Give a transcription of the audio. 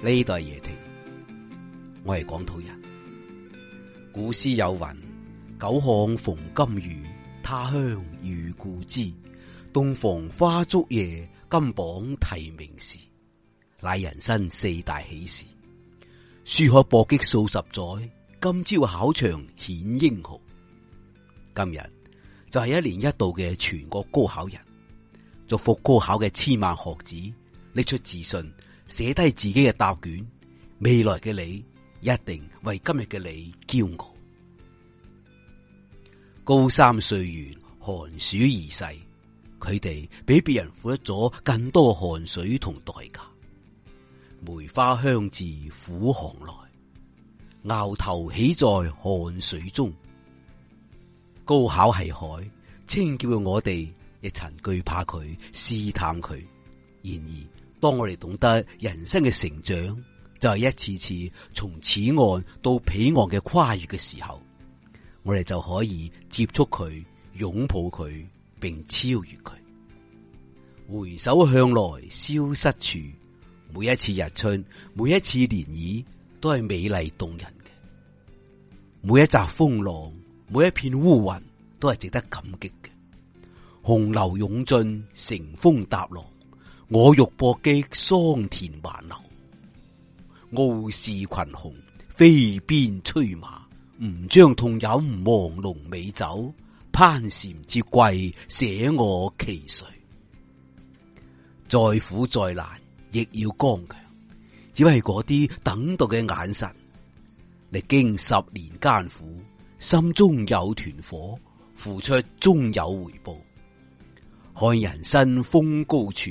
呢度夜聽，我係廣土人。古詩有云：久旱逢甘雨，他鄉遇故知。洞房花燭夜，金榜題名時，乃人生四大喜事。書海搏擊數十載，今朝考場顯英雄。今日就係、是、一年一度嘅全國高考日，祝福高考嘅千萬學子，搦出自信。寫低自己嘅答卷，未來嘅你一定為今日嘅你驕傲。高三歲月寒暑而逝，佢哋比別人付出咗更多汗水同代價。梅花香自苦寒來，鰲頭起在汗水中。高考係海，清叫嘅我哋亦曾懼怕佢，試探佢，然而。當我哋懂得人生嘅成長，就係一次次從此岸到彼岸嘅跨越嘅時候，我哋就可以接觸佢、擁抱佢，並超越佢。回首向來消失處，每一次日出，每一次漣漪，都係美麗動人嘅；每一陣風浪，每一片烏雲，都係值得感激嘅。洪流湧進，乘風踏浪。我欲搏擊桑田萬流，傲視群雄，飛鞭催馬，唔將痛飲黃龍美酒，攀禪接桂，捨我其誰？再苦再難，亦要剛強。只係嗰啲等到嘅眼神，歷經十年艱苦，心中有團火，付出終有回報。看人生峰高處。